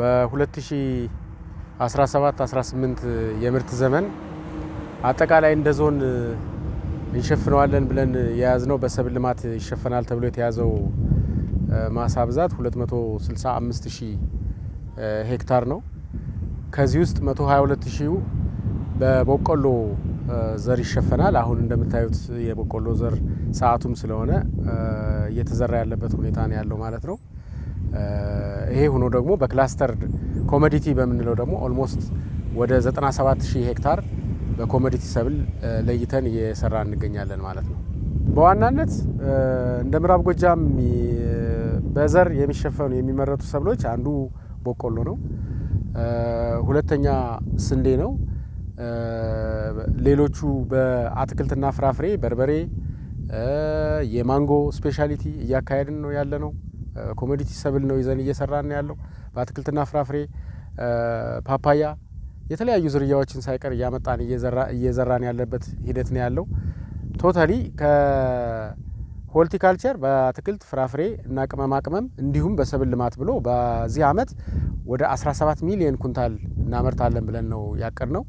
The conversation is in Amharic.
በ2017-18 የምርት ዘመን አጠቃላይ እንደ ዞን እንሸፍነዋለን ብለን የያዝነው በሰብል ልማት ይሸፈናል ተብሎ የተያዘው ማሳ ብዛት 265 ሺህ ሄክታር ነው። ከዚህ ውስጥ 122 ሺው በበቆሎ ዘር ይሸፈናል። አሁን እንደምታዩት የበቆሎ ዘር ሰዓቱም ስለሆነ እየተዘራ ያለበት ሁኔታ ነው ያለው ማለት ነው። ይሄ ሆኖ ደግሞ በክላስተር ኮሞዲቲ በምንለው ደግሞ ኦልሞስት ወደ 97000 ሄክታር በኮሞዲቲ ሰብል ለይተን እየሰራ እንገኛለን ማለት ነው። በዋናነት እንደ ምዕራብ ጎጃም በዘር የሚሸፈኑ የሚመረቱ ሰብሎች አንዱ በቆሎ ነው፣ ሁለተኛ ስንዴ ነው። ሌሎቹ በአትክልትና ፍራፍሬ በርበሬ፣ የማንጎ ስፔሻሊቲ እያካሄድን ነው ያለ ነው። ኮሞዲቲ ሰብል ነው ይዘን እየሰራን ያለው። በአትክልትና ፍራፍሬ ፓፓያ፣ የተለያዩ ዝርያዎችን ሳይቀር እያመጣን እየዘራን ያለበት ሂደት ነው ያለው። ቶታሊ ከሆልቲካልቸር በአትክልት ፍራፍሬ እና ቅመማ ቅመም እንዲሁም በሰብል ልማት ብሎ በዚህ አመት ወደ 17 ሚሊዮን ኩንታል እናመርታለን ብለን ነው ያቀድ ነው።